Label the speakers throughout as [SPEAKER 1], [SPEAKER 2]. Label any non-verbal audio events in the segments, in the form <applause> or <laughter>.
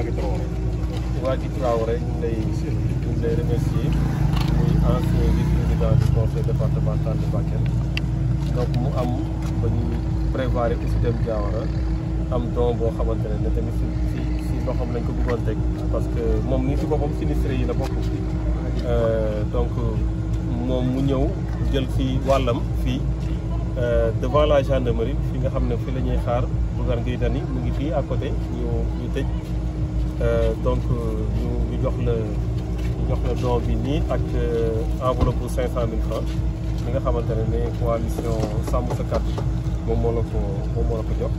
[SPEAKER 1] Wagy Traoré Wagy Traoré ñu ngi lay ñu ngi lay remercier muy ancien vice président du conseil départemental donc mu am ba ñu prévoir aussi dem boo xamante ne ne tamit si si lañ ko bëggoon teg parce que moom nii si boppam sinistré yi la bokk euh, donc moom mu ñëw jël fii wàllam fii euh, devant la gendarmerie fi nga xam ne fi la xaar Bougane Gueye mu ngi fii à côté ñu Euh, donc ñu euh, ñu jox la jox la don bi nii ak euh, enveloppe bu 500 000 francs mi nga xamante ne ne coalition sàmm sa kàddu moom moom moo la ko jox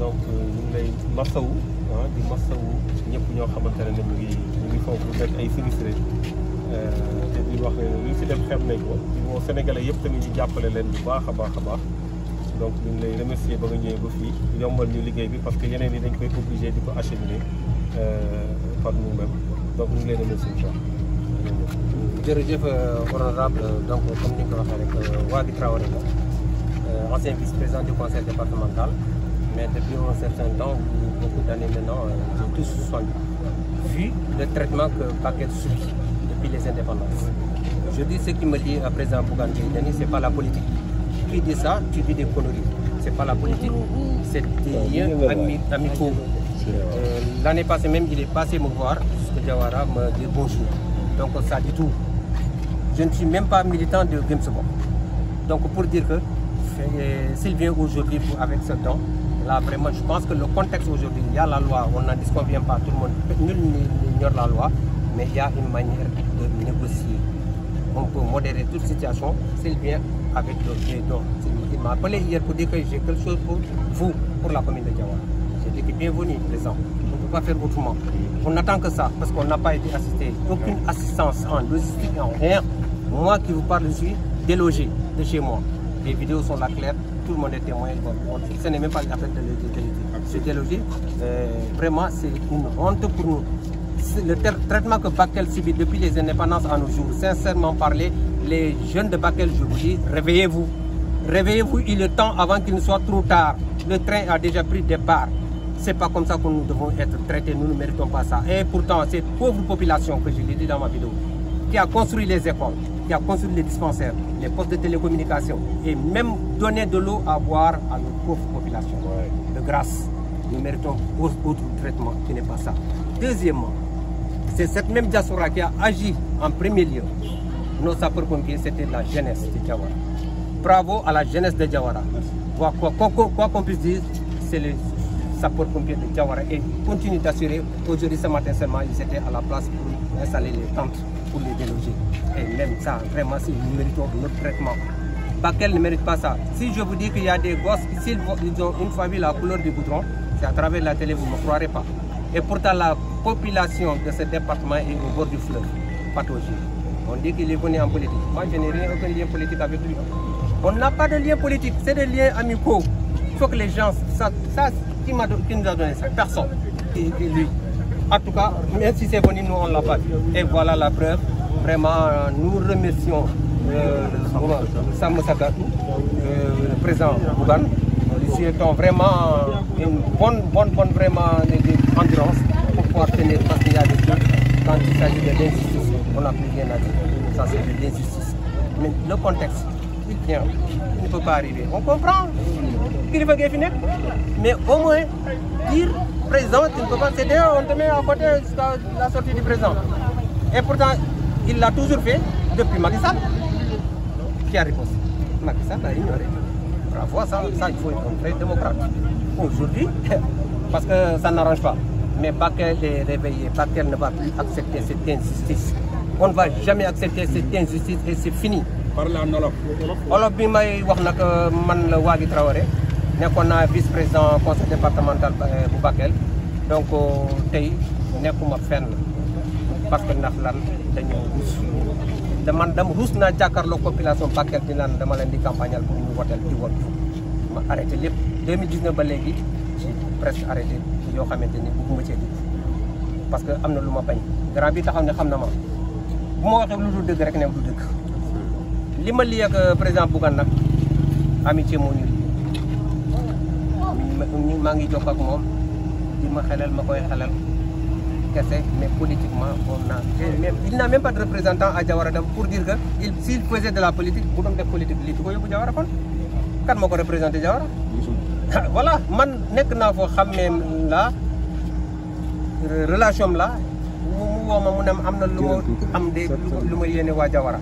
[SPEAKER 1] donc ñu ngi lay masawu ah di masawu ñëpp ñoo xamante ne ne ñu ngi ñu ngi foofu nekk ay sinistré te di wax ne lu fi dem xem nañ ko di woo sénégalais yëpp tamit ñu jàppale leen bu baax a baax a baax donc ñu ngi lay remercier ba nga ñëwee ba fii yombal ñu liggéey bi parce que yeneen yi dañ koy obligé di ko acheminer euh, par nous-mêmes donc ñu ngi lay remercier bu baax. jërëjëf euh, donc comme ni nga ko waxee rek euh, Wady Traoré la ancien vice-président du conseil départemental mais depuis un certain temps beaucoup d'années maintenant j'ai tous soigné vu le traitement que Bakel subit depuis les indépendances je dis ce qui me lie à président Bougane Gueye Dany c'est pas la politique de dit ça, tu dis des conneries. C'est pas la politique, c'est des ah, liens amicaux. Euh, L'année passée même, il est passé me voir, jusqu'à Diawara, me dire Donc ça dit tout. Je ne suis même pas militant de Gamesbon. Donc pour dire que Sylvain aujourd'hui avec ce don, là vraiment je pense que le contexte aujourd'hui, il y a la loi, on n'en disconvient pas, tout le monde, nul n'ignore la loi, mais il y a une manière de négocier on peut modérer toute situation s'il vient avec le pied d'or. Il m'a appelé hier pour dire que j'ai quelque chose pour vous, pour la commune de Diawara. J'ai dit que bienvenue, présent. On ne que ça, parce qu'on n'a pas été assisté. Aucune assistance en logistique, en rien. Moi qui vous parle, je suis délogé de chez moi. Les vidéos sont là claires, tout le monde est témoin. Ce n'est même pas vraiment, c'est une honte pour nous. le traitement que Bakel subit depuis les indépendances à nos jours, sincèrement parlé, les jeunes de Bakel, je vous dis, réveillez-vous. Réveillez-vous, il est temps avant qu'il ne soit trop tard. Le train a déjà pris départ. C'est pas comme ça que nous devons être traités, nous ne méritons pas ça. Et pourtant, cette pauvre population que je l'ai dit dans ma vidéo, qui a construit les écoles, qui a construit les dispensaires, les postes de télécommunication et même donné de l'eau à boire à nos pauvres populations. De grâce, nous méritons autre traitement qui n'est pas ça. Deuxièmement, C'est cette même diaspora qui a agi en premier lieu. Nos sapeurs-pompiers, c'était la jeunesse de Jawara. Bravo à la jeunesse de Jawara. Quoi qu'on quoi, c'est les sapeurs-pompiers de Jawara et continue d'assurer. Aujourd'hui, ce matin seulement, ils étaient à la place pour installer les tentes pour les déloger. Et même ça, vraiment, nous méritons notre traitement. Bakel ne pas ça. Si je vous dis qu'il y a des gosses, s'ils ont une famille la couleur du goudron, c'est à travers la télé, vous ne me croirez pas. e pourtant, la population de ce département est au bord du fleuve, pathologie. On dit qu'il est venu en politique. Moi, je n'ai rien, lien politique avec lui. On n'a pas de lien politique, c'est des liens amicaux. Il faut que les gens... qui, nous a donné ça Personne. Et, lui. En tout cas, même si c'est venu, nous, on l'a pas vu. Et voilà la preuve. Vraiment, nous remercions euh, Sam Sakatou, euh, le président Bougan. Nous souhaitons vraiment une endurance pour pouvoir tenir parce qu'il y a des trucs, quand il s'agit de l'injustice, on n'a plus rien à dire. Ça, de l'injustice. Mais le contexte, il vient, il ne peut On comprend kilifa gee fi nekk mais au moins dire président, tu ne peux pas céder, on te met à la sortie du président. Et il l'a toujours fait depuis Macky Sall. Qui a répondu Macky l'a ignoré. Bravo, ça, ça, il faut être un vrai <laughs> parce que ça n'arrange pas. Mais Bakel est réveillé, Bakel ne va plus accepter cette injustice. On ne va jamais accepter cette mhm. injustice et c'est fini. parle en wolof. wolof bi may wax nag euh, man la Waly Traoré nekkoon naa vice président conseil départemental euh, bu Bakel donc euh, tey nekkuma fenn parce que ndax lan dañoo ruus. te man dama ruus naa jàkkaarloo population Bakel di naan dama leen di campagnal pour ñu woteel di wot ma arrêté lépp 2019 ba léegi. ci presse arrêté yoo xamante ni bëgguma cee dugg parce que am na lu ma bañ grand bi taxaw ne xam na ma bu ma waxee lu dul dëgg rek ne du dëgg li ma lii par exemple euh, Bougane nag amitié moo ñu lii maa ngi jokk ak moom di ma xelal ma koy xelal kese mais politiquement on a même n'a même pas de représentant à Diawara dam pour dire que il s'il faisait de la politique bu doon def politique lii du kon kan moo ko représenté Diawara wala <laughs> man nekk naa foo xam ne la relation la mu mu ne am na lu ma am de lu ma yéene waa Jawara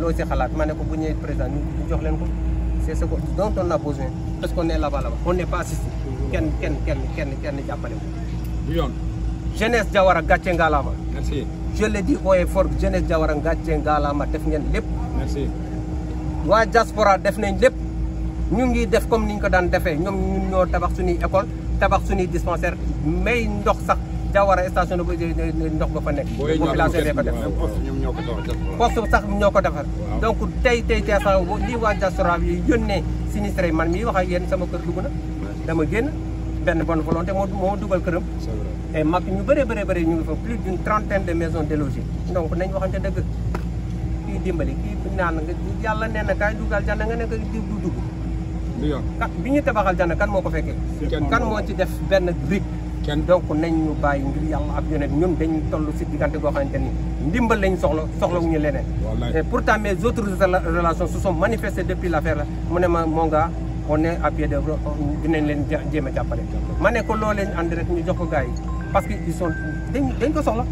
[SPEAKER 1] loo si xalaat ma ne ko bu ñëwee président jox leen ko c'est ce dont on a besoin parce qu'on est là-bas là-bas on n'est pas assisté kenn kenn jàppale yoon jeunesse Jawara gàcce ngaalaama merci je le dis haut et fort jeunesse Jawara gàcce ngaalaama def ngeen lépp merci waa diaspora def nañ lépp ñu ngi def comme ni ñu ko daan defee ñoom ñun ñoo tabax suñuy école tabax suñuy dispensaire may ndox sax jawara station de ndox ba fa nekk. population bee ko def poste sax ñoo ko defar. donc tey tey tey sax lii waa diaspora yi yónnee sinistré man mii wax ak yéen sama kër dugg na dama génn benn bonne volonté moo moo dugal këram. et mag ñu bëree bëree bëri ñu ngi fa plus d'une trentaine de maisons délogées donc nañ waxante dëgg kii dimbali kii naan nga yàlla nee na kaay dugal jànn nga ne ko du bi ñu tabaxal jànn kan moo ko fekkee kan moo ci def benn brique donc nañ ñu bàyyi ngir yàlla ab yonent ñun dañ toll si diggante boo xamante ni ndimbal lañ soxla soxla wu soxlawuñu leneen et pourtant mes autres relations su sont manifestées depuis la mu ne ma moo nga on est à pied d'œuvre dinañ leen jéem a jàppale ma ne ko loo leen ànd rek ñu jox ko gars yi parce que ils sont dañ dañ ko soxla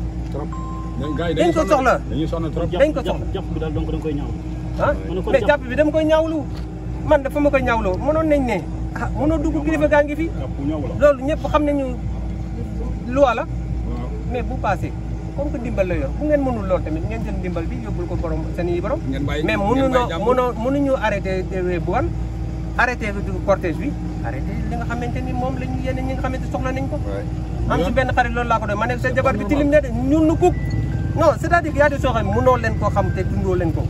[SPEAKER 1] dañ ko soxla dañ ko soxla dañ ko soxla jàpp bi daal donc da nga koy ñaawlu ah mais jàpp bi dama koy ñaawlu man de dafa ma ko ñaawloo mënoon nañ ne ah mënoo dugg kilifa gaa ngi fi loolu ñëpp xam nañu loi la mais bu passé comme que dimbal la yor bu ngeen mënul lool tamit ngeen jël dimbal bi yóbbul ko borom seen yi borom mais mënuñoo mënoo mënuñu arrêté Bougane arrêté du cortège bi arrêté li nga xamante ni moom la ñu yenn ñi nga xamante soxla nañ ko am su benn xarit loolu laa ko doon ma ne sa jabar bi tilim ne de ñu nu kuk non c'est-à-dire y a des soo xam leen koo xam te dundoo leen ko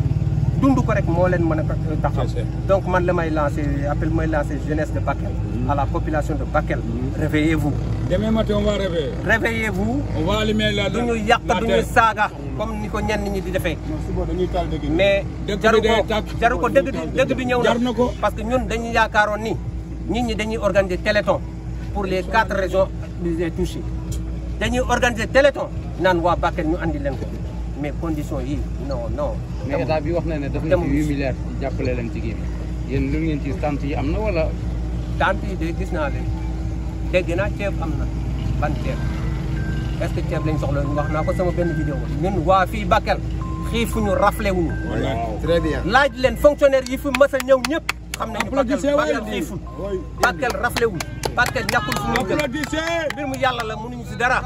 [SPEAKER 1] dund ko rek moo leen mën a euh, taxaw donc man la may lancé appel mooy lancé jeunesse de Bakel mm-hmm. à la population de Bakel mm-hmm. réveillez-vous demain matin on va réveiller réveillez-vous on va allumer la du ñu yàq du ñu saaga comme ni ko ñenn ñi di defee mais jaru ko jaru ko dëgg bi ñëw na parce que ñun dañu yaakaaroon ni nit ñi dañuy organiser téléthon pour les quatre régions touchées dañuy organiser téléthon naan waa Bakel ñu andi leen ko mais condition yi non non. mais état bi wax na ne daf leen ci huit milliards jàppale leen ci kii bi yéen lu ngeen ci tente yi am na wala. tente yi de gis naa leen dégg naa ceeb am na ban ceeb est-ce que ceeb lañ soxla wax naa ko sama benn vidéo ñun waa fii Bakel xiifuñu raflé wuñu. très laaj leen fonctionnaire yi fi mas a ñëw ñëpp. xam nañu Bakel Bakel xiiful Bakel raflé wuñu parce que ñàkkul fu mu jëm mu yàlla la mënuñu si dara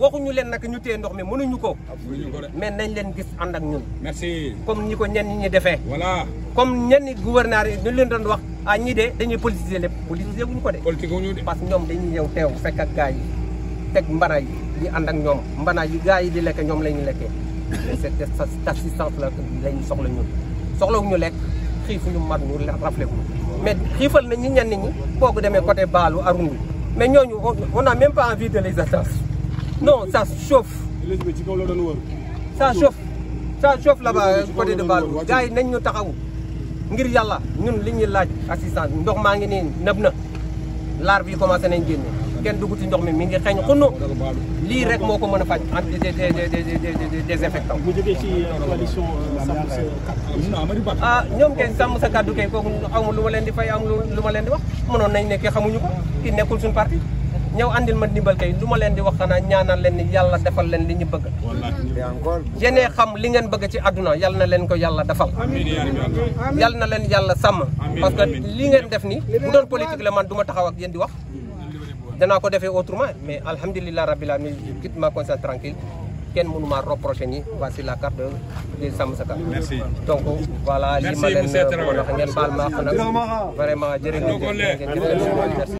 [SPEAKER 1] waxuñu leen nag ñu téye ndox mi mënuñu ko mais nañ leen gis ànd ak ñun merci comme ñi ko ñenn ñi defee voilà comme ñenn gouverneur yi ñu leen doon wax ah, ñi de dañuy politiser lépp politiser wuñu ko de parce que ñoom dañuy ñëw teew fekk ak gars yi teg mbana yi ñu ànd ak ñoom mbana yi gars yi di lekk ñoom la ñu lekkee cette assistance la lañu soxla ñun soxlawuñu lekk xiifuñu mar ñu rafle ko mais xiifal na ñi ñenn ñi boo demee côté Baalu Arundu mais ñooñu on n'a même pas envie de les attendre non ça chauffe. ça chauffe ça chauffe là-bas côté de Baalu gars yi nañ ñu taxawu ngir yàlla ñun li ñuy laaj assistance ndox maa ngi nii nëb na laar bi commencé nañ génne kenn dugg ci ndox mi mi ngi xeeñ xunnu lii rek moo ko mën a faj anti désinfectant. bu jógee ci euh, coalition euh, ah ñoom kay sàmm sa kàddu kay kooku amul lu ma leen di fay amul lu ma leen di wax mënoon nañ nekk xamuñu ko kii nekkul suñu parti ñëw andil ma ndimbal kay lu ma leen di wax xanaa ñaanal leen ni yàlla defal leen li ñu bëgg. yéen xam li ngeen bëgg ci àdduna yal na leen ko yàlla defal. yal na leen yàlla sàmm. parce que li ngeen def ni bu doon politique la man du ma taxaw ak yéen di wax. danaa ko defee autrement mais alhamdulilah rabbil alamin quitte ma conscience tranquille kenn mënu maa reproché ni voici la carte de Sàmm Sa Kàddu merci donc voilà li ma leen euh, wax ngeen baal ma nag vraiment